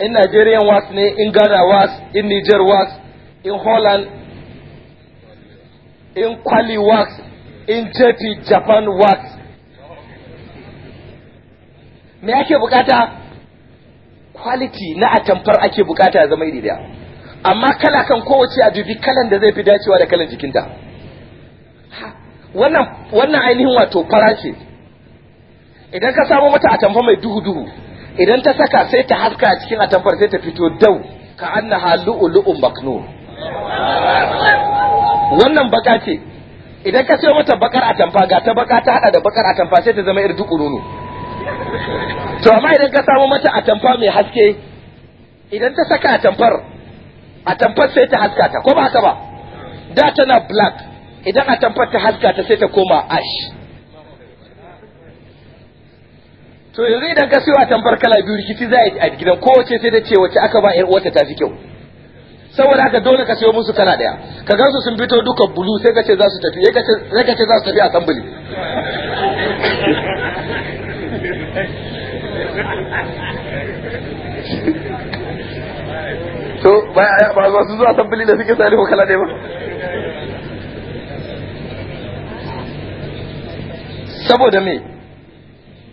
in Nigerian was ne in Ghana was in Niger was in Holland in Kwali was in jeti Japan was me ake bukata quality na atamfar ake bukata zama iri amma kala kan kowace a dubi kalan da zai fi dacewa da kalan jikinta wannan ainihin wato fara ce idan ka samu mata atamfa mai duhu duhu idan ta saka sai ta haska a cikin atamfar sai ta fito dau ka annaha lu'u maknun wannan baka ce idan ka sayo mata bakar atamfa ga ta baka ta hada da bakar atamfa sai ta zama irdu kununu to amma idan ka samu mata atamfa mai haske idan ta saka atamfar atamfar sai ta haska ta ko ba haka ba da tana black idan atamfar ta haska ta sai ta koma ash to yanzu idan ka sayo a tambar kala biyu rikici za a gidan kowace sai da ce wace aka ba yar uwarta ta fi kyau saboda haka dole ka sayo musu kala daya ka gansu sun fito duka bulu sai ka ce za su tafi sai ka ce za su tafi a tambuli to ba ya ba su zuwa tambuli da suke salihu kala daya ba saboda me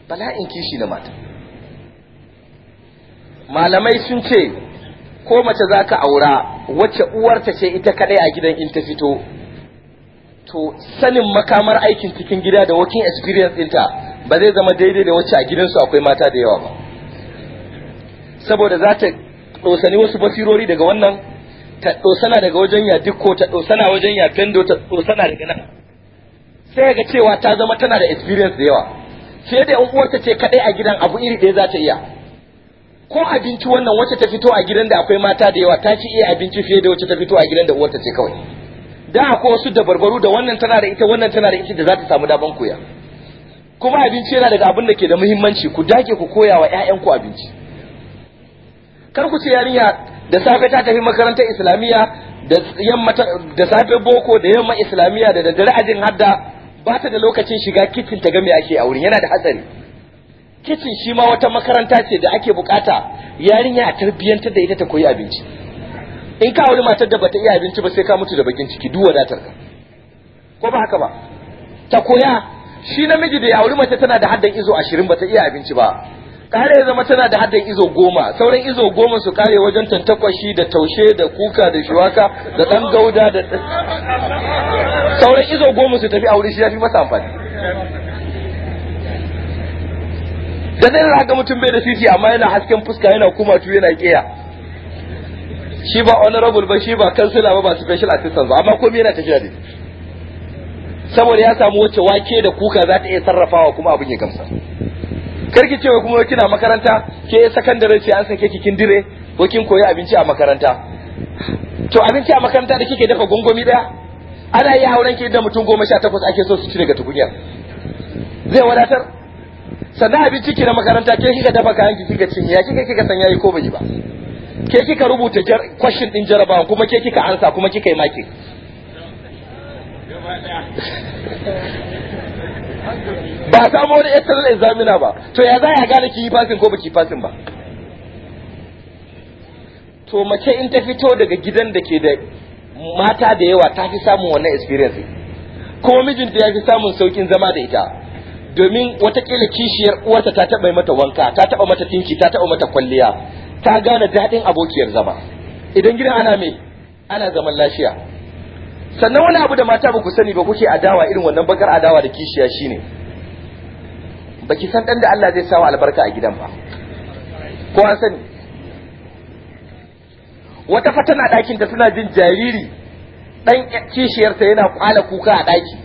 bala'in kishi na mata malamai sun ce ko mace za ka aura wacce uwarta ce ita kadai a gidan in ta fito to sanin makamar aikin cikin gida da working experience ɗinta ba zai zama daidai da wacce a gidansu akwai mata da yawa ba saboda za ta ɗosani wasu basirori daga wannan ta ɗosana daga wajen ya dikko ta ɗosana wajen ya fendo ta ɗosana daga nan sai ga cewa ta zama tana da experience da yawa sai da yan uwarta ce kadai a gidan abu iri ɗaya za ta iya ko abinci wannan wacce ta fito a gidan da akwai mata da yawa ta ci iya abinci fiye da wacce ta fito a gidan da uwarta ce kawai da akwai wasu dabarbaru da wannan tana da ita wannan tana da ita da za ta samu daban koya kuma abinci yana daga abin da ke da muhimmanci ku dage ku koya wa 'ya'yanku abinci kar ku ce yarinya da safe ta tafi makarantar islamiyya da yamma da safe boko da yamma islamiyya da daddare ajin hadda ba ta da lokacin shiga kicin ta ga me ake a wurin yana da hatsari kicin shi ma wata makaranta ce da ake bukata yarinya a tarbiyyantar da ita ta koyi abinci in ka auri matar da bata iya abinci ba sai ka mutu da bakin ciki duk wadatar ka ko ba haka ba ta koya shi namiji da ya auri mace tana da haddan izo ashirin bata iya abinci ba kare ya zama tana da haddin izo goma sauran izo goma su kare wajen tantakwashi da taushe da kuka da shuwaka da dan gauda da sauran izo goma su tafi aure shi ya fi masa amfani da nan haka mutum bai da sisi amma yana hasken fuska yana kumatu yana kiya shi ba honorable ba shi ba kansila ba ba special assistant ba amma komai yana tafiya ne saboda ya samu wacce wake da kuka za ta iya sarrafawa kuma abin ya gamsa karki cewa kuma kina makaranta ke sakandare ce an sake ke kikin dire ko kin koyi abinci a makaranta to abinci a makaranta da kike dafa gongomi daya ana yi hauren ki da mutum goma sha takwas ake so su ci daga tukunyar zai wadatar sannan abinci ki na makaranta ke kika dafa kayan ki kika cin ya kika kika san yayi ko bai ba ke kika rubuta question din jarabawa kuma ke kika ansa kuma kika yi maki ba a samu wani external examiner ba to ya za a gane ki fasin ko ki fasin ba to mace in ta fito daga gidan da ke da mata da yawa ta fi samun wannan experience kuma mijinta ya fi samun saukin zama da ita domin watakila kishiyar uwarta ta taɓa mata wanka ta taɓa mata tinki ta taɓa mata kwalliya ta gane daɗin abokiyar zama idan gidan ana me ana zaman lafiya sannan wani abu da mata ba ku sani ba kuke adawa irin wannan bakar adawa da kishiya shine baki san dan da Allah zai sawa albarka a gidan ba ko an sani wata fatana ɗakin da suna jin jariri ɗan kishiyarta yana kwala kuka a ɗaki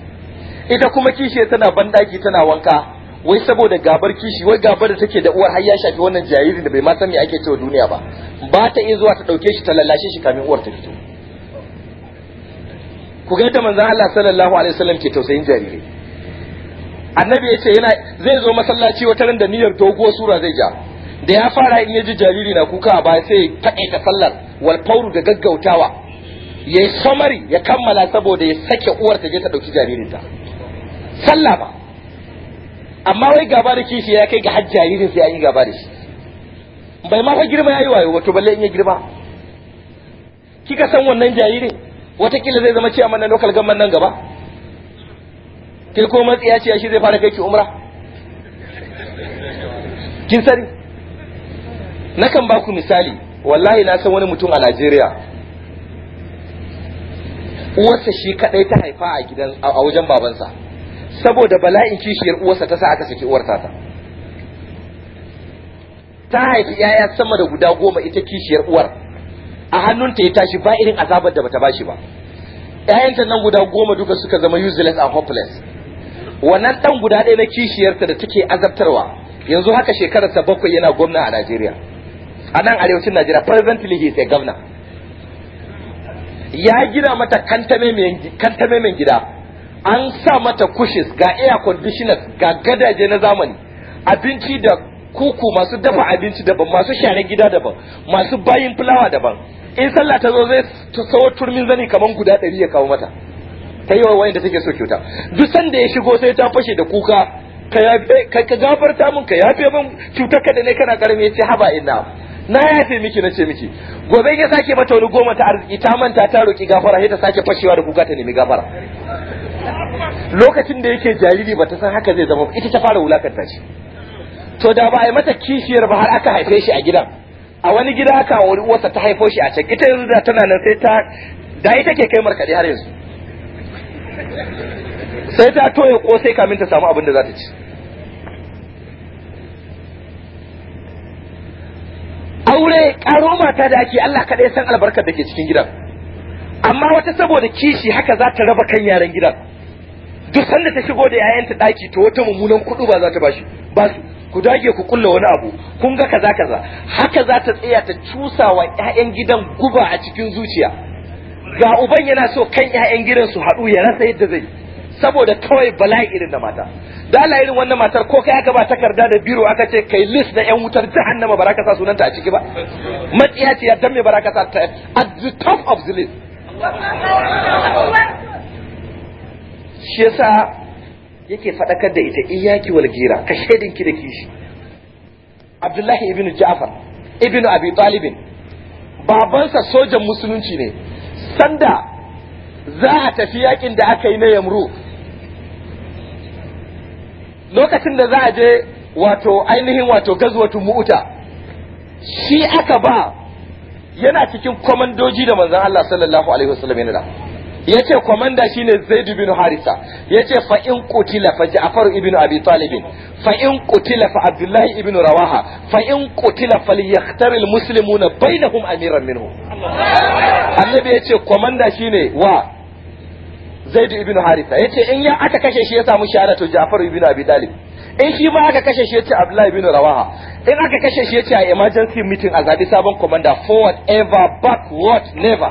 ita kuma kishiyar tana ban ɗaki tana wanka wai saboda gabar kishi wai gabar da take da uwar har ya shafi wannan jariri da bai ma san me ake cewa duniya ba ba ta iya zuwa ta ɗauke shi ta lallashe shi kamin uwar ta fito ku ga ta manzan Allah sallallahu alaihi wasallam ke tausayin jarirai annabi ya ce yana zai zo masallaci wata ran da niyyar dogo sura zai ja da ya fara in ya ji jariri na kuka ba sai ta ta sallar wal fauru da gaggautawa ya yi samari ya kammala saboda ya sake uwar ta je ta ɗauki jaririnta sallah ba amma wai gaba da kishi ya kai ga har jaririn sai an yi gaba da shi bai ma fa girma yayi wayo wato balle in ya girma kika san wannan jaririn watakila zai zama ciyaman na local government nan gaba kilko ko ya ce shi zai fara kai ki umra kin sani nakan ba ku misali wallahi na san wani mutum a Najeriya uwarsa shi kadai ta haifa a gidan a wajen babansa saboda bala'in kishiyar uwarsa ta sa aka saki uwar ta ta haifi yaya sama da guda goma ita kishiyar uwar a hannunta ya tashi ba irin azabar da bata bashi ba ƴaƴanta nan guda goma duka suka zama useless and hopeless wannan dan guda ɗaya na kishiyarsa da take azabtarwa yanzu haka shekararsa bakwai yana gwamna a Najeriya a nan arewacin Najeriya presently he is a governor ya gina mata kantame mai gida an sa mata kushis ga air conditioners ga gadaje na zamani abinci da kuku masu dafa abinci daban masu share gida daban masu bayin fulawa daban in sallah ta zo zai sawo turmin zani kamar guda ɗari ya kawo mata ta yi wa wayanda take so kyauta duk sanda ya shigo sai ta fashe da kuka ka gafarta mun ka yafe mun cutar ka da ne kana karami ce haba ina na yafe miki na ce miki gobe ya sake mata wani goma ta arziki ta manta ta roki gafara sai ta sake fashewa da kuka ta nemi gafara lokacin da yake jariri bata san haka zai zama ita ta fara ta ce. to da ba a yi mata kishiyar ba har aka haife shi a gidan a wani gida aka wani uwarsa ta haifo shi a can ita yanzu da tana nan sai ta da ita ke kai markaɗe har yanzu sai ta toye sai kamin ta samu abin da za ta ci aure karo mata da ake Allah kaɗai san albarkar da ke cikin gidan amma wata saboda kishi haka za ta raba kan yaran gidan duk sanda ta shigo da yayanta daki to wata mummunan kuɗu ba za ta bashi ba su ku dage ku kulla wani abu kun ga kaza kaza haka za ta tsaya ta cusa wa 'ya'yan gidan guba a cikin zuciya ga uban yana so kan ƴaƴan gidan su haɗu ya rasa yadda zai saboda kawai bala'i irin da mata da Allah irin wannan matar ko kai aka ba takarda da biro aka ce kai list na ƴan wutar jahannama baraka sa sunanta a ciki ba matsiya ce ya dan me baraka sa ta at the top of the list shi yasa yake faɗakar da ita iyaki wal gira ka ki da kishi Abdullahi ibn Ja'far ibn Abi Talib babansa sojan musulunci ne sanda za a tafi yakin da aka yi na yamru lokacin da za a je wato ainihin wato gazwatu mu'uta shi aka ba yana cikin kwamandoji da manzan Allah sallallahu alaihi wasallam yana ya ce kwamanda shi ne Zaidu bin harisa ya ce fa'in kutila fa ja'far ibn abi talibin fa'in kutila fa abdullahi ibn rawaha fa'in kutila fa liyaktar almuslimuna bainahum amiran minhum annabi ya ce komanda ne wa zaidu ibn harisa ya ce in ya aka kashe shi ya samu shahada to ja'far ibn abi dalib in shi ma aka kashe shi ya ce abdullahi ibn rawaha in aka kashe shi ya ce a emergency meeting a zabi sabon komanda forward ever backward never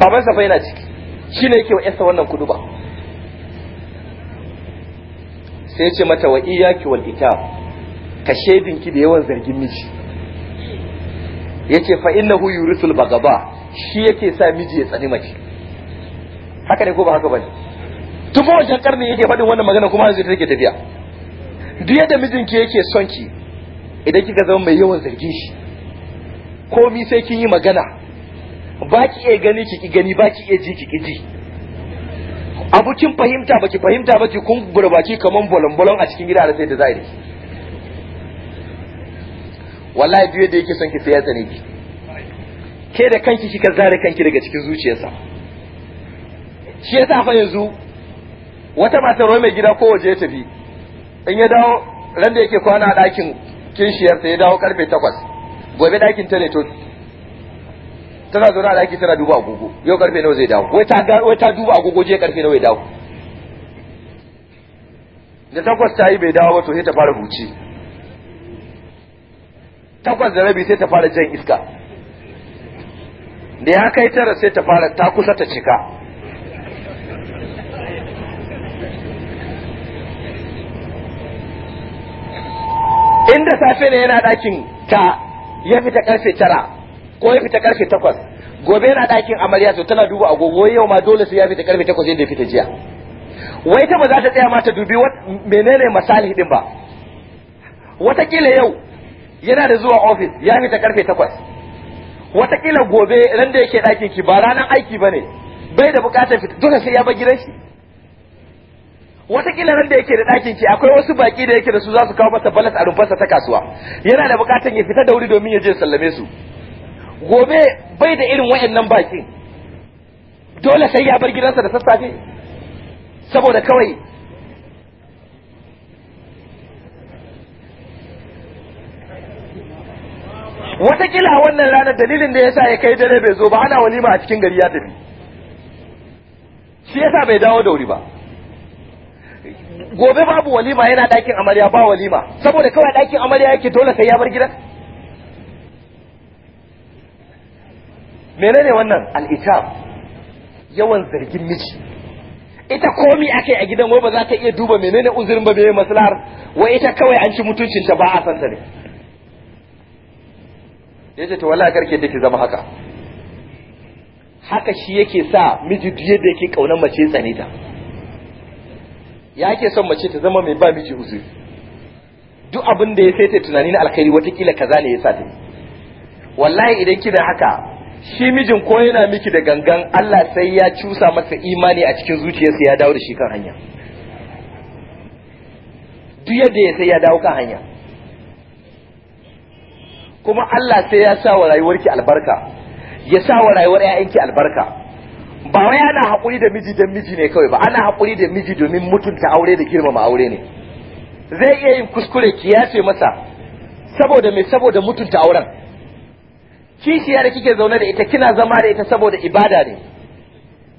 babansa safa yana ciki shi ne yake wa yasa wannan kuduba sai ce mata wa iyaki wal itab ka shedinki da yawan zargin miji yace fa innahu yurisul bagaba shi yake sa miji ya tsani mace haka ne ko ba haka bane tun ba wajen karni yake faɗin wannan magana kuma zai take tafiya duk yadda mijinki yake son ki idan kika zama mai yawan zargin shi komi sai kin yi magana ba ki iya gani ki ki gani ba ki iya ji ki ki ji abu kin fahimta baki fahimta baki kun gurbaci kamar bolon bolon a cikin gida da sai da zai wallahi biyu yadda yake son ki sai ya ne ki ke da kanki kika zare kanki daga cikin zuciyarsa shi yasa fa yanzu wata matar roma mai gida ko waje ya tafi in ya dawo ran da yake kwana a ɗakin kinshiyarsa ya dawo karfe takwas gobe ɗakin ta ne to tana zaune a ɗaki tana duba agogo yau karfe nawa zai dawo wai ta wai ta duba agogo je karfe nawa ya dawo da takwas ta yi bai dawo ba to sai ta fara huci takwas da rabi sai ta fara jan iska da ya kai tara sai ta fara ta kusa ta cika inda safe ne yana ɗakin ta ya fita karfe tara ko ya fita karfe takwas gobe yana ɗakin amarya to tana duba agogo yau ma dole sai ya fita karfe takwas yadda ya fita jiya wai ta ba za ta tsaya ma ta dubi menene masali din ba watakila yau yana da zuwa ofis ya fita karfe takwas watakila gobe ran da yake ɗakin ki ba ranar aiki ba ne bai da bukatar fita dole sai ya bar gidan shi watakila ran da yake da ɗakin ki akwai wasu baki da yake da su za su kawo masa balas a rumfarsa ta kasuwa yana da bukatar ya fita da wuri domin ya je sallame su gobe bai da irin wayannan bakin dole sai ya bar gidansa da sassafe saboda kawai watakila wannan ranar dalilin da yasa ya kai dare bai zo ba ana walima a cikin gari ya tafi shi yasa bai dawo da wuri ba gobe babu walima yana ɗakin amarya ba walima saboda kawai ɗakin amarya yake dole sai ya bar gidan menene wannan al'itab yawan zargin miji ita komi ake a gidan wai ba za ta iya duba menene uzurin ba bai maslahar wai ita kawai an ci mutuncinta ba a ta ne ce to wallahi karke take zama haka haka shi yake sa miji duye da yake kaunar mace tsane ta ya yake son mace ta zama mai ba miji uzu duk abin da ya sai ta tunani na alkhairi watakila kaza ne ya sa ta wallahi idan kina haka shi mijin ko yana miki da gangan Allah sai ya cusa masa imani a cikin zuciyarsa ya dawo da shi kan hanya duk yadda ya sai ya dawo kan hanya kuma Allah sai ya sa wa rayuwarki albarka ya sa wa rayuwar ƴaƴanki albarka ba wai ana haƙuri da miji don miji ne kawai ba ana haƙuri da miji domin mutunta aure da girmama aure ne zai iya yin kuskure ki ce masa saboda me saboda mutunta auren kishiya da kike zaune da ita kina zama da ita saboda ibada ne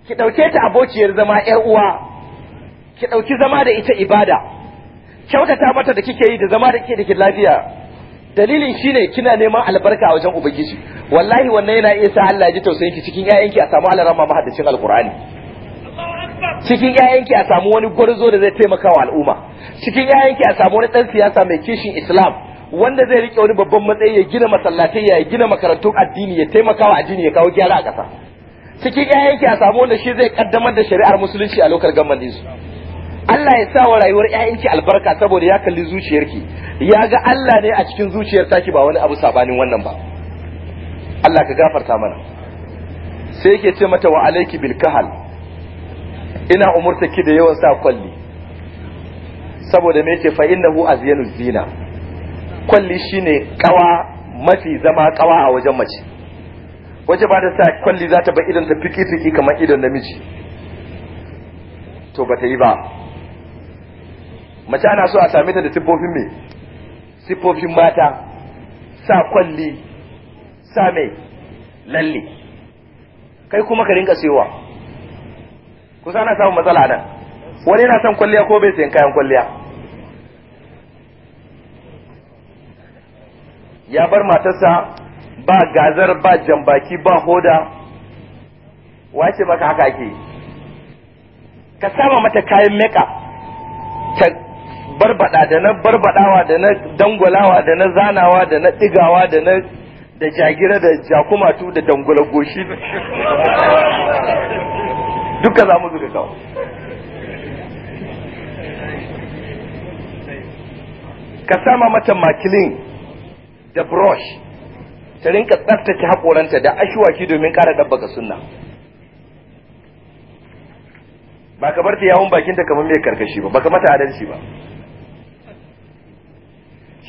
ki ɗauke ta abokiyar zama ƴar uwa ki ɗauki zama da ita ibada kyautata mata da kike yi da zama da kike da lafiya dalilin shi ne kina neman albarka a wajen ubangiji wallahi wannan yana iya sa Allah ya ji tausayin ki cikin ƴaƴanki a samu alarama mahaddacin alqur'ani cikin ƴaƴanki a samu wani gwarzo da zai taimaka wa al'umma cikin 'ya'yanki a samu wani dan siyasa mai kishin islam wanda zai rike wani babban matsayi ya gina masallatai ya gina makarantun addini ya taimaka wa addini ya kawo gyara a ƙasa cikin 'ya'yanki a samu wanda shi zai kaddamar da shari'ar musulunci a lokar su? Allah ya sa wa rayuwar ‘ya'yanki albarka saboda ya kalli zuciyarki, ya ga Allah ne a cikin zuciyar taki ba wani abu sabanin wannan ba Allah ka gafarta mana sai yake ce mata wa alaiki bil kahal ina umurta da yawan sa kwalli saboda me yake fa innahu azyanu zina kwalli shine kawa mafi zama kawa a wajen mace waje ba da sa kwalli za ta bar idan ta fiki fiki kamar idan namiji to ba ta yi ba mace ana so a same ta da tubofin me sifofin mata sa kwalli sa mai lalle kai kuma ka rinka sayowa kusa ana samun matsala nan wani yana son kwalliya ko bai sayan kayan kwalliya ya bar matarsa ba gazar ba jambaki ba hoda wace maka haka ake ka sama mata kayan meka barbada da na barbadawa da na dangwalawa da na zanawa da na digawa da na da jagira da jakumatu da dangwala goshi duka za mu zuga kawo ka sama mata makilin da brush ta rinka tsaftace haƙoranta da ashwaki domin ƙara ɗabbaka sunna ba ka bar ta yawon bakinta kamar mai karkashi ba ba ka mata adalci ba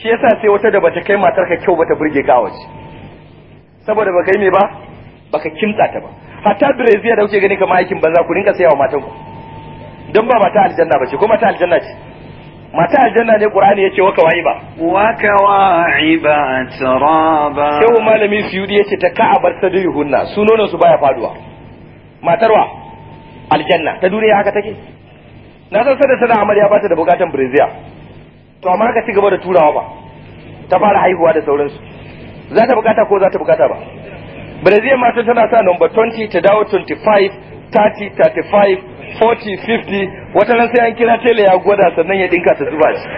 shi yasa sai wata da bata kai matarka kyau bata burge ka waje saboda baka yi me ba baka kimtsa ta ba hatta brazil da kuke gani kamar aikin banza ku rinka sayawa matan ku don ba mata aljanna ba ce ko mata aljanna ce mata aljanna ne qur'ani yace wa Waka wa ba. taraba sai malami suyudi yace ta ka'abar hunna su nonon su baya faduwa matarwa aljanna ta duniya haka take na san sada sana amarya ba ta da bukatan brazil to amma ka ci gaba da turawa ba ta fara haihuwa da sauransu za ta bukata ko za ta bukata ba brazil mata tana sa number 20 ta dawo 25 30 35 40 50 wata ran sai an kira tele ya gwada sannan ya dinka ta zuba shi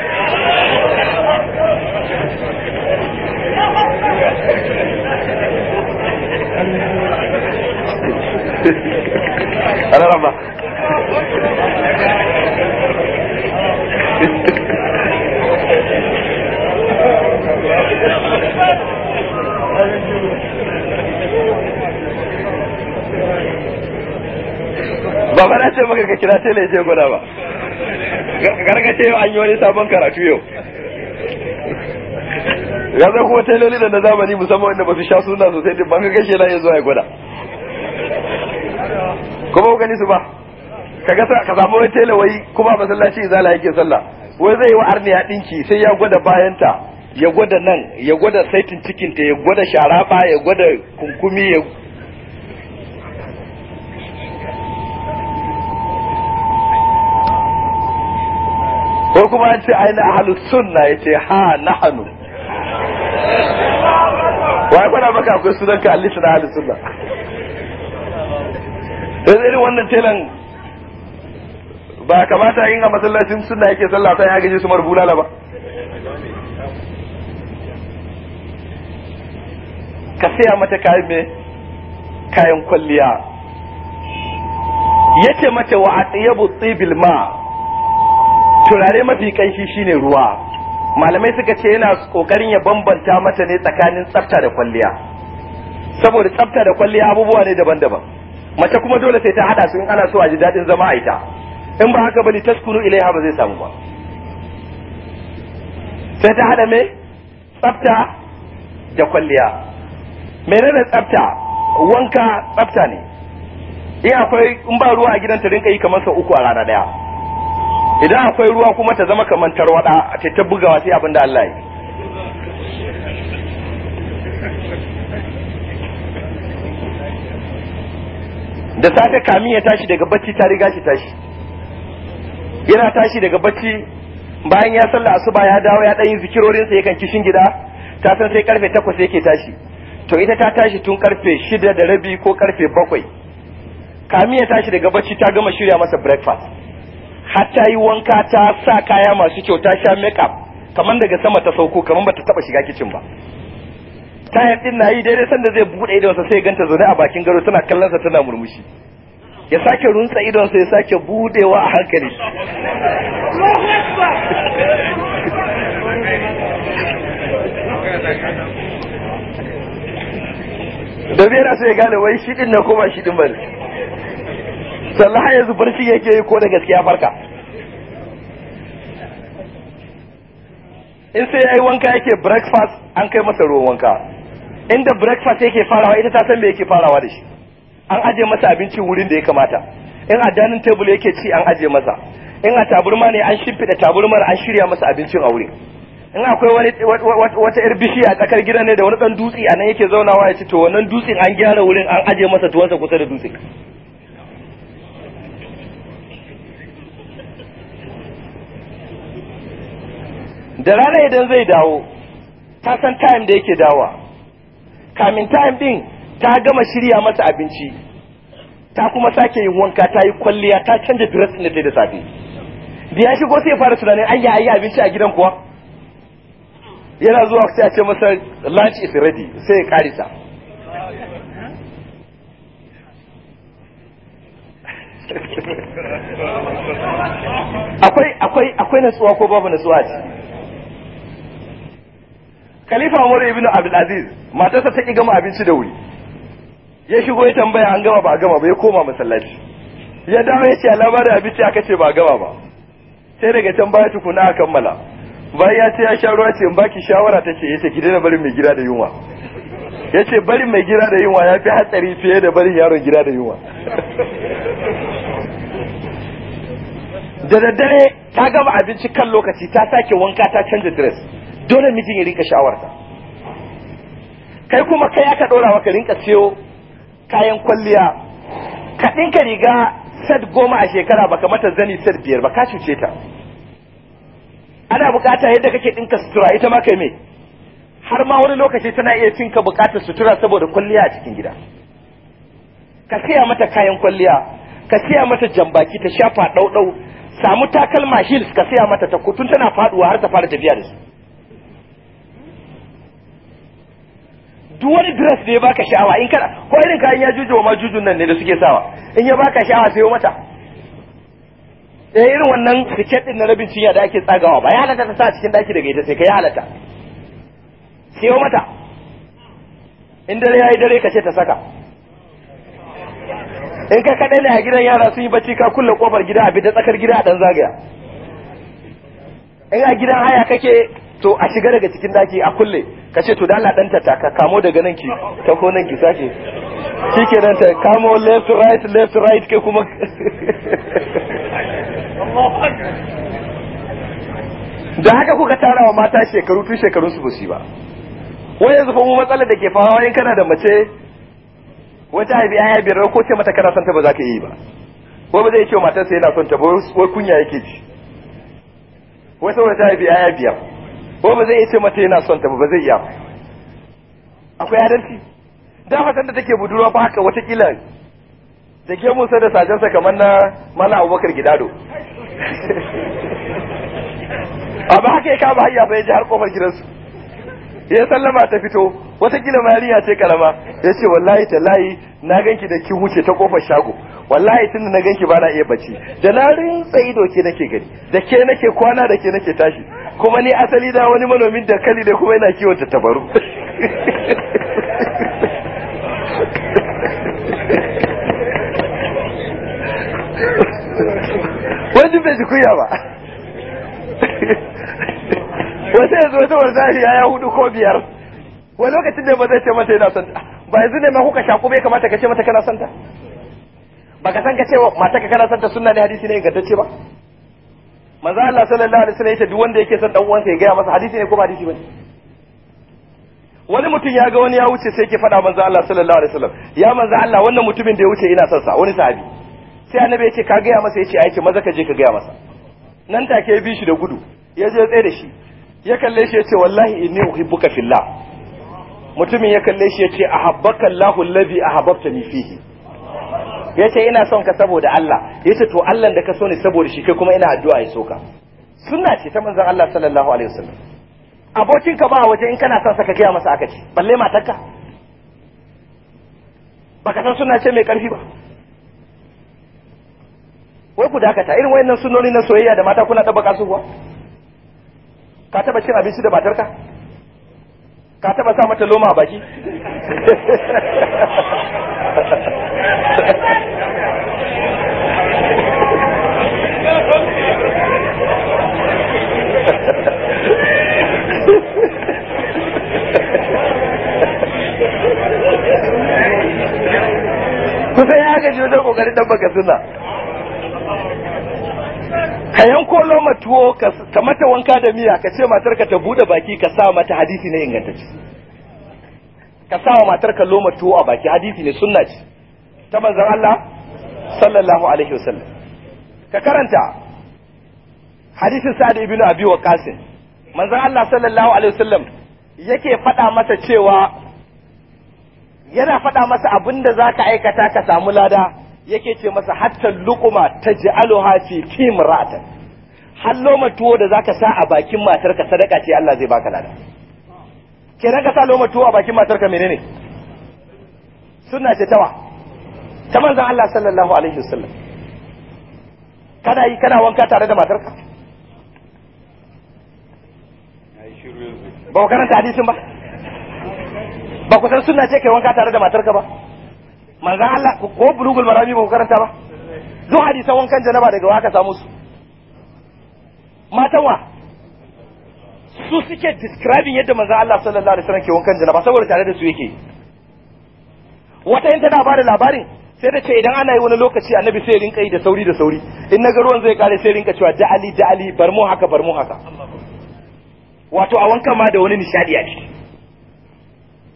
ana raba ba na ce maka ka kira na je guda ba gargace yau an yi wani sabon karatu yau ya zai kuma tailoli da na zamani musamman wanda ba su sha suna sosai din ban gashe na yanzu ya gwada kuma gani su ba ka ga ka samu wani tele wai kuma masallaci izala yake sallah wai zai yi wa ya dinki sai ya gwada bayanta ya gwada nan ya gwada saitin cikinta ya gwada sharafa ya gwada kunkumi ya ko kuma an ce aina ahlus sunna yace ha wa wai fara maka akwai sunan ka alisa na ahlus sunna dan irin wannan telan ba kamata yin a masallacin sunna yake sallah sai ya gaji su marbulala ba ka saya mata kayan me kayan kwalliya yace mata wa a tibil ma turare mafi kanshi shine ruwa malamai suka ce yana kokarin ya bambanta mata ne tsakanin tsafta da kwalliya saboda tsafta da kwalliya abubuwa ne daban-daban mace kuma dole sai ta hada su in ana so a ji dadin zama a ita in ba haka bane taskunu ilaiha ba zai samu ba sai ta hada me tsafta da kwalliya menene tsafta wanka tsafta ne in akwai in ba ruwa a gidan ta rinka yi kamar sau uku a rana daya idan akwai ruwa kuma ta zama kamar tarwada a ta bugawa sai abin da Allah yi da safe kamin ya tashi daga bacci ta riga shi tashi yana tashi daga bacci bayan ya sallah asuba ya dawo ya ɗan yi zikirorinsa yakan kishin gida ta san sai karfe takwas yake tashi to ita ta tashi tun karfe shida da rabi ko karfe bakwai kamin ya tashi daga bacci ta gama shirya masa breakfast har ta yi wanka ta sa kaya masu kyau ta sha makeup kamar daga sama ta sauko kamar bata taba shiga kicin ba tayar din na yi daidai sanda zai bude idonsa sai ganta zaune a bakin gado tana kallon sa tana murmushi ya sake runtsa idonsa ya sake budewa a hankali da biyar so ya gane wai shi din na koma shi din ne sallah yanzu barci yake yi ko da gaskiya farka in sai ya yi wanka yake breakfast an kai masa ruwan wanka inda breakfast yake farawa ita ta san me yake farawa da shi an aje masa abinci wurin da ya kamata in a dining table yake ci an aje masa in a taburma ne an shimfiɗa taburmar an shirya masa abincin a wurin in akwai wani wata yar bishiya a tsakar gidan ne da wani dan dutse a nan yake zaunawa ya ci to wannan dutsen an gyara wurin an aje masa tuwansa kusa da dutsen da rana idan zai dawo ta san time da yake dawa kamin time din ta gama shirya masa abinci ta kuma sake yin wanka ta yi kwalliya ta canja dress da ta da safe da ya shigo sai fara tunanin an ya yi abinci a gidan kuwa yana zuwa sai a ce masa lunch is ready sai ya karisa akwai akwai akwai natsuwa ko babu natsuwa ce khalifa umar ibn abdul aziz matarsa ta ki gama abinci da wuri ya shigo ya tambaya an gama ba gama ba ya koma masallaci ya dawo ya ce labarin abinci aka ce ba gama ba sai daga can baya tukuna a kammala bayan ya ce ya sha ruwa ce in baki shawara ta ce ya ce gida da barin mai gida da yunwa ya ce barin mai gida da yunwa ya fi hatsari fiye da barin yaron gida da yunwa da daddare ta gama abinci kan lokaci ta sake wanka ta canza dress dole mijin ya rinka sha'awarta kai kuma kai aka ɗora wa ka rinka siyo kayan kwalliya ka ɗinka riga sad goma a shekara baka mata zani sad biyar ba ka cuce ta ana bukata yadda kake ɗinka sutura ita ma kai me har ma wani lokaci tana iya cinka bukatar sutura saboda kwalliya a cikin gida ka siya mata kayan kwalliya ka siya mata jambaki ta shafa ɗauɗau samu takalma heels ka siya mata ta kutun tana faduwa har ta fara tafiya da su duk wani dress da ya baka sha'awa in kana ko irin kayan ya jujuwa ma jujun nan ne da suke sawa in ya baka sha'awa sai mata Da eh, irin wannan ticket din na rabin cinya da ake tsagawa ba ya halatta ta sa cikin daki daga ita sai ka ya halatta sai mata in dare yayi dare ka ce ta saka in ka kada ne a gidan yara sun yi bacci ka kulle kofar gida a bidda tsakar gida a dan zagaya in a gidan haya kake to a shiga daga cikin daki a kulle ka ce to da Allah dan ta ka kamo daga nan ki ta ko nan ki sake nan ta kamo left right left right kai kuma da haka kuka tara wa mata shekaru tun shekarun su basu ba wai yanzu fa mu matsalar da ke fawa in kana da mace wata haifi ya haifi rar ko ce mata kana son ta ba za ka yi ba wai ba zai ce matarsa yana son ta ba wai kunya yake ji wai saboda ta haifi ai haifi ko ba zai ce mata yana son ta ba zai iya akwai adalci da fatan da take budurwa ba haka kila da ke musa da sa kamar na mala abubakar gidado ba haka ya kama hanya bai ji har kofar gidansu ya sallama ta fito wata kila mariya ce karama ya ce wallahi layi na ganki da ki wuce ta kofar shago wallahi tun da na ganki ba na iya bacci da na rinsa ido ke nake gani da ke nake kwana da ke nake tashi kuma ni asali da wani manomin dankali da kuma yana kiwon tattabaru wajen bai ji ya ba wata yanzu wata wanzari ya hudu ko biyar wani lokacin da ya bazai ce mata yana santa ba yanzu ne ma kuka shaku bai kamata ka ce mata kana santa ba ka san ka ce mata ka kana santa suna ne hadisi ne ingantacce ba manzo Allah sallallahu alaihi wasallam ce duk wanda yake son dan uwansa ya gaya masa hadisi ne ko ba hadisi bane wani mutum ya ga wani ya wuce sai ke faɗa manzo Allah sallallahu alaihi wasallam ya manzo Allah wannan mutumin da ya wuce ina son sa wani sahabi sai annabi ce ka gaya masa yace ai ce maza ka je ka gaya masa nan take ya bi shi da gudu ya je tsaye da shi ya kalle shi ce wallahi inni uhibbuka fillah mutumin ya kalle shi yace ahabbaka Allahu allazi ahabbtani fihi ya ce ina son ka saboda Allah ya ce to Allah da ka so ne saboda shi kai kuma ina addu'a ya so ka sunna ce ta manzan Allah sallallahu alaihi wasallam abokin ka ba waje in kana son saka kiya masa aka ce balle matarka baka san sunna ce mai karfi ba wai ku dakata irin wayannan sunnoni na soyayya da mata kuna tabbaka su kuwa ka taba cin abinci da matarka ka taba sa mata loma a baki ka ji wajen kokarin dan baka suna ka yanko loma tuwo ka mata wanka da miya ka ce matarka ta bude baki ka sa mata hadisi ne ci ka sa wa matarka loma tuwo a baki hadisi ne sunna ci ta manzan Allah sallallahu alaihi wasallam ka karanta hadisin da ibnu abi waqas manzan Allah sallallahu alaihi wasallam yake faɗa masa cewa yana faɗa masa abinda da za ka aikata ka samu lada yake ce masa hatta lukuma ta ji'aluha fi kimratan har hallo tuwo da zaka sa a bakin matarka sadaka ce Allah zai baka lada na ka sa loma tuwo a bakin matarka menene suna ce tawa ta manzon Allah sallallahu alaihi wasallam kana yi kana wanka tare da matarka ba karanta hadisin ba ba ku san sunna ce kai wanka tare da matarka ba manzo Allah ko bulugul marami ba ku karanta ba zo hadisan wankan janaba daga waka samu su matan wa su suke describing yadda manzo Allah sallallahu alaihi wasallam ke wankan janaba saboda tare da su yake wata yin tana bada labarin sai da ce idan ana yi wani lokaci annabi sai rinka yi da sauri da sauri in na ga ruwan zai kare sai rinka cewa da'ali da'ali bar mu haka bar mu haka wato a wankan ma da wani nishadi a ciki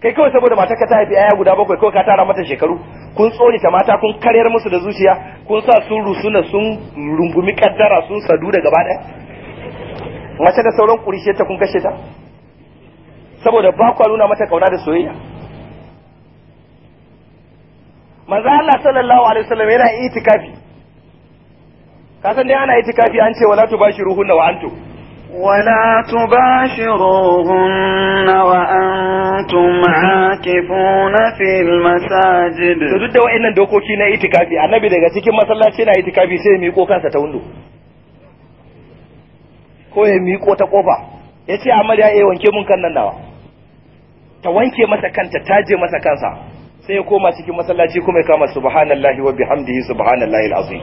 kai kawai saboda mata ka ta haifi guda bakwai kawai ka tara mata shekaru kun tsone ta mata kun karyar musu da zuciya kun sa sun rusuna sun rungumi kaddara sun sadu da gaba ɗaya mace da sauran kurishe ta kun kashe ta saboda ba kwa nuna mata kauna da soyayya manzo Allah sallallahu alaihi wasallam yana itikafi ka san dai ana itikafi an ce wala tubashiruhunna wa antum ولا تباشروهن وأنتم عاكفون في المساجد duk da wa'annan dokoki na itikafi annabi daga cikin masallaci na itikafi sai ya miƙo kansa ta wundo ko ya miƙo ta ƙofa ya ce amarya ya eh, wanke mun kan nan nawa ta wanke masa kanta ta je masa kansa sai ya koma cikin masallaci kuma ya kama subhanallahi wa bihamdihi subhanallahi alazim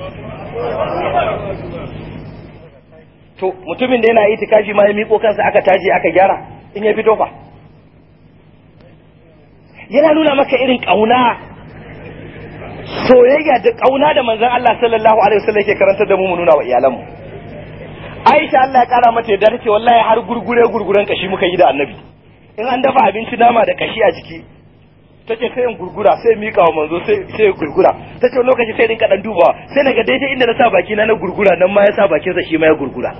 to mutumin da yana itikafi ma ya miko kansa aka taje aka gyara in ya fito fa yana nuna maka irin kauna soyayya da kauna da manzon Allah sallallahu alaihi wasallam yake karantar da mu mu nuna wa iyalanmu Aisha Allah ya kara mata yadda take wallahi har gurgure gurguren kashi muka yi da Annabi in an dafa abinci nama da kashi a jiki ta ce sai in gurgura sai mika wa manzo sai sai gurgura ce lokaci sai rinka dan dubawa sai naga daidai inda na sa baki na na gurgura nan ma ya sa bakin sa shi ma ya gurgura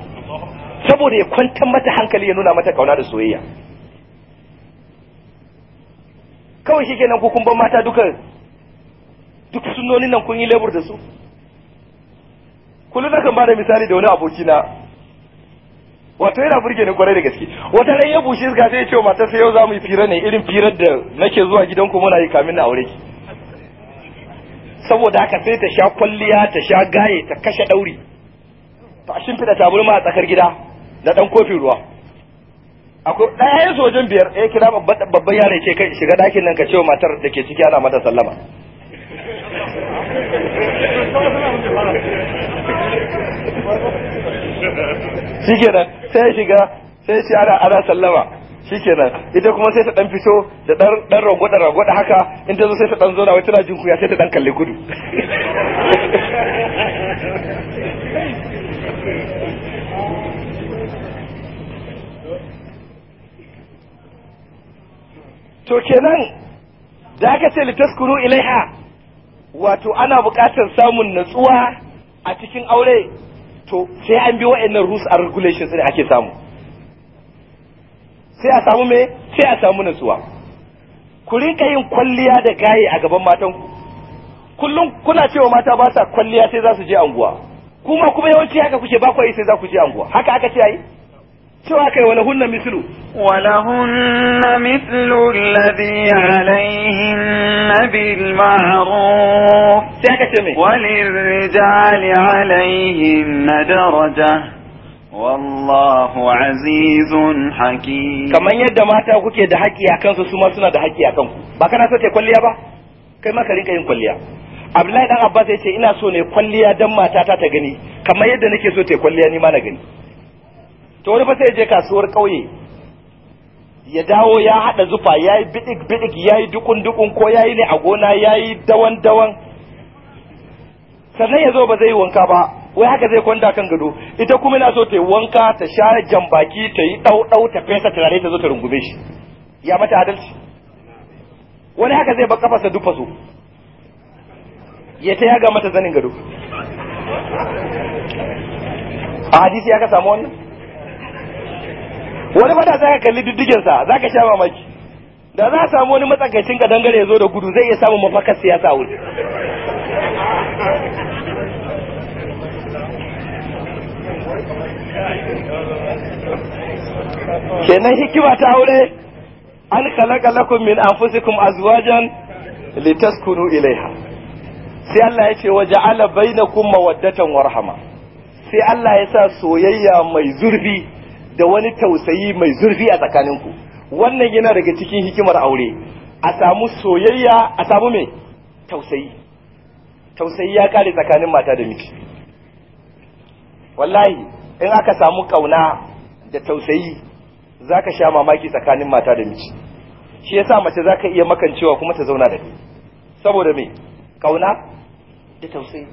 saboda ya kwantar mata hankali ya nuna mata kauna da soyayya kawai shi kenan kun ban mata duka duk sunnonin nan kun yi lebur da su kullum kan ba da misali da wani abokina wato yana burge ni kwarai da gaske wata ran ya bushe ga sai ya ce wa matarsa yau zamu mu yi fira ne irin firar da nake zuwa gidan ku muna yi kamin na aure saboda haka sai ta sha kwalliya ta sha gaye ta kashe dauri to a shimfiɗa taburma a tsakar gida da ɗan kofin ruwa akwai ɗaya ya wajen biyar ya kira babban yare ce kai shiga ɗakin nan ka ce wa matar da ke ciki ana mata sallama shikenan sai ya shiga sai shi ana ana sallama shikenan ita kuma sai ta dan fito da dan dan ragwada ragwada haka in ta zo sai ta dan zo wai tana jin kuya sai ta dan kalle kudu to kenan da aka ce litaskuru ilaiha wato ana bukatar samun natsuwa a cikin aure to sai an bi wa'annan rules and regulations ne ake samu sai a samu me sai a samu nasuwa ku rinka yin kwalliya da gaye a gaban matan ku kullum kuna cewa mata ba sa kwalliya sai za su je anguwa kuma kuma yawanci haka kuke ba sai za ku je anguwa haka aka ce yi cewa kai wala hunna mislu wala hunna mislu alladhi alayhin bil ma'ruf sai ka ce me walil rijali alayhin daraja wallahu azizun haƙi. kamar yadda mata kuke da haƙi a kansu su ma suna da haƙi a kanku ba kana so kai kwalliya ba kai ma ka rinka yin kwalliya Abdullahi dan Abbas ya ce ina so ne kwalliya dan matata ta gani kamar yadda nake so ta kwalliya ni ma na gani to wani fa ya je kasuwar kauye ya dawo ya hada zufa yayi bidik bidik yi dukun dukun ko ya yi ne a gona ya yi dawan dawan sannan ya zo ba zai wanka ba wai haka zai kwanda kan gado ita kuma na so ta yi wanka ta share jambaki ta yi ɗauɗau ta fesa turare ta zo ta rungume shi ya mata adalci wani haka zai ba kafarsa dufa so ya ta yaga mata zanin gado a hadisi ya ka samu wannan wani fada za ka kalli diddiginsa za ka sha mamaki da za a samu wani matsakaicin ka dangare ya zo da gudu zai iya samun mafakar siyasa wuri kenan hikima ta aure an kalaka lakum min anfusikum azwajan litaskunu ilaiha sai Allah ya ce waje baina bainakum mawaddatan warhama sai Allah ya sa soyayya mai zurfi da wani tausayi mai zurfi a tsakaninku wannan yana daga cikin hikimar aure a samu soyayya a samu mai tausayi tausayi ya kare tsakanin mata da miki. wallahi in aka samu kauna da tausayi za ka sha mamaki tsakanin mata da miki shi yasa mace za ka iya makancewa kuma ta zauna da ni saboda mai kauna da tausayi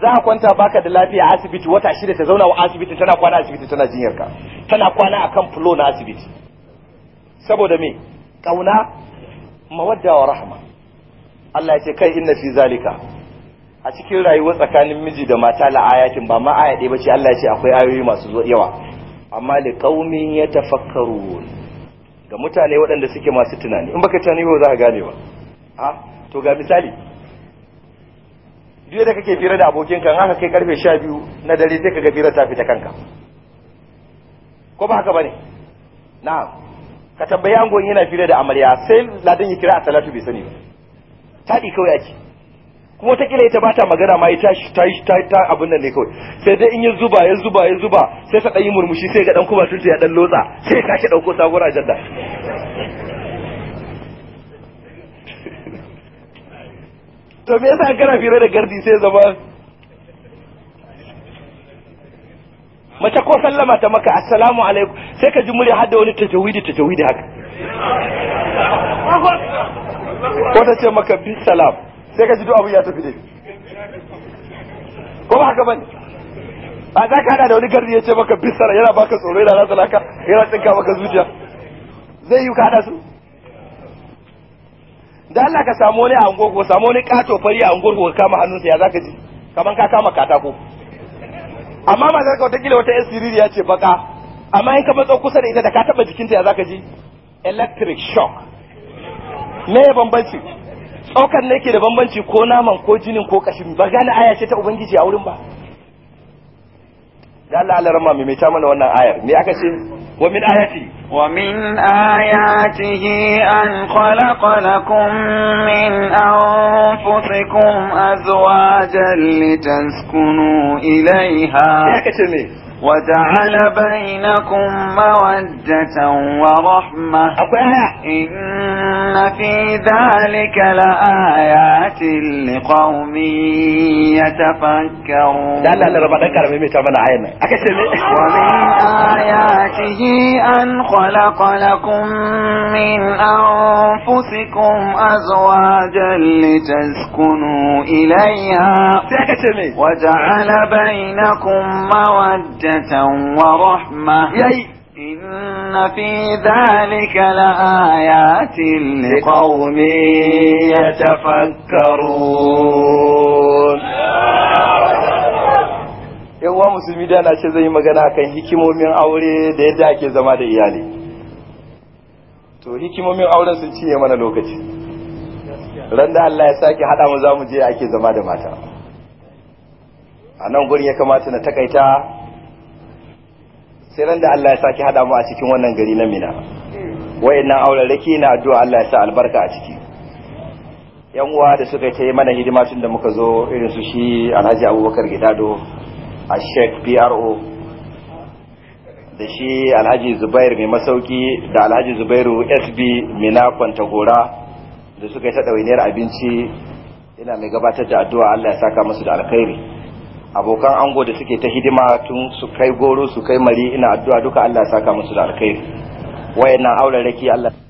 za a kwanta baka da lafiya a asibiti wata shida ta zauna wa asibiti tana kwana a asibiti tana jinyar ka tana kwana akan fulo na asibiti saboda me kauna mawadda wa rahama. Allah ya ce kai inna fi zalika a cikin rayuwar tsakanin miji da mata la'ayatin ba ma aya ɗaya bace Allah ya ce akwai ayoyi masu yawa amma li qaumin yatafakkarun ga mutane waɗanda suke masu tunani in baka tunani ba za ka gane ba to ga misali duk da kake fira da abokinka haka kai karfe sha biyu na dare sai ka ga fira ta fita kanka ko ba haka bane na'am ka an angon yana fira da amarya sai ladan ya kira a salatu bai sani ba tadi kawai ake kuma ta kila ita bata magana ma ita ta ta ta abin nan ne kawai sai dai in ya zuba ya zuba ya zuba sai sa dan yi murmushi sai ga dan kuma tunta ya dan lotsa sai ka shi dauko sabuwar ajanda to me yasa kana fira da gardi sai zama mace ko sallama ta maka assalamu alaikum sai ka ji murya har da wani tajawidi tajawidi haka ko ta ce maka bi salam sai ka ji duk abu ya tafi dai ko ba haka bane a za ka hada da wani gardi ya ce maka bi salam yana baka tsoro yana laka yana tsinka maka zuciya zai yi ka hada su da Allah ka samu wani a unguwar ko samu wani kato fari a unguwar ko kama hannun sa ya zaka ji kaman ka kama katako amma ma zaka wata kila wata yan siriri ya ce baka amma in ka matso kusa da ita da ka taba jikinta ya zaka ji electric shock me ya bambanci tsokan ne ke da bambanci ko naman ko jinin ko kashin ba gane aya ce ta ubangiji a wurin ba da Allah Allah rama mai ta mana wannan ayar me aka ce wa min ayati wa min ayatihi an khalaqa lakum min anfusikum azwajan litaskunu ilaiha me aka ce me وجعل بينكم مودة ورحمة إن في ذلك لآيات لقوم يتفكرون ومن آياته أن خلق لكم من أنفسكم أزواجا لتسكنوا إليها وجعل بينكم مودة مودة ورحمة يي إن في ذلك لآيات لقوم يتفكرون yawa musulmi da na ce zai magana kan hikimomin aure da yadda ake zama da iyali to hikimomin auren sun ciye mana lokaci ran da Allah ya sake haɗa mu za mu je ake zama da mata a nan gurin ya kamata na takaita sai ran da Allah ya saki hada mu a cikin wannan gari na Mina wayannan aurareki na addu'a Allah ya sa albarka a ciki yan uwa da suka yi mana hidima tun da muka zo irin su shi Alhaji Abubakar Gidado a Sheikh PRO da shi Alhaji Zubair mai masauki da Alhaji Zubairu SB Mina Kwantagora da suka yi ta dawainiyar abinci ina mai gabatar da addu'a Allah ya saka musu da alkhairi abokan ango da suke ta hidima tun su kai goro su kai mari ina addu'a duka Allah ya saka musu da alkhairi wayannan aurareki Allah